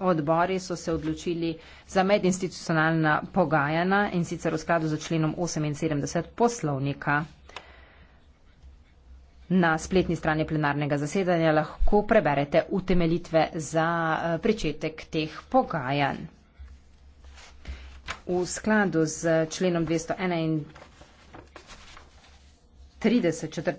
odbori so se odločili za medinstitucionalna pogajana in sicer v skladu z členom 78 poslovnika. Na spletni strani plenarnega zasedanja lahko preberete utemelitve za eh, pričetek teh pogajanj. V skladu z členom 201. 30. 4.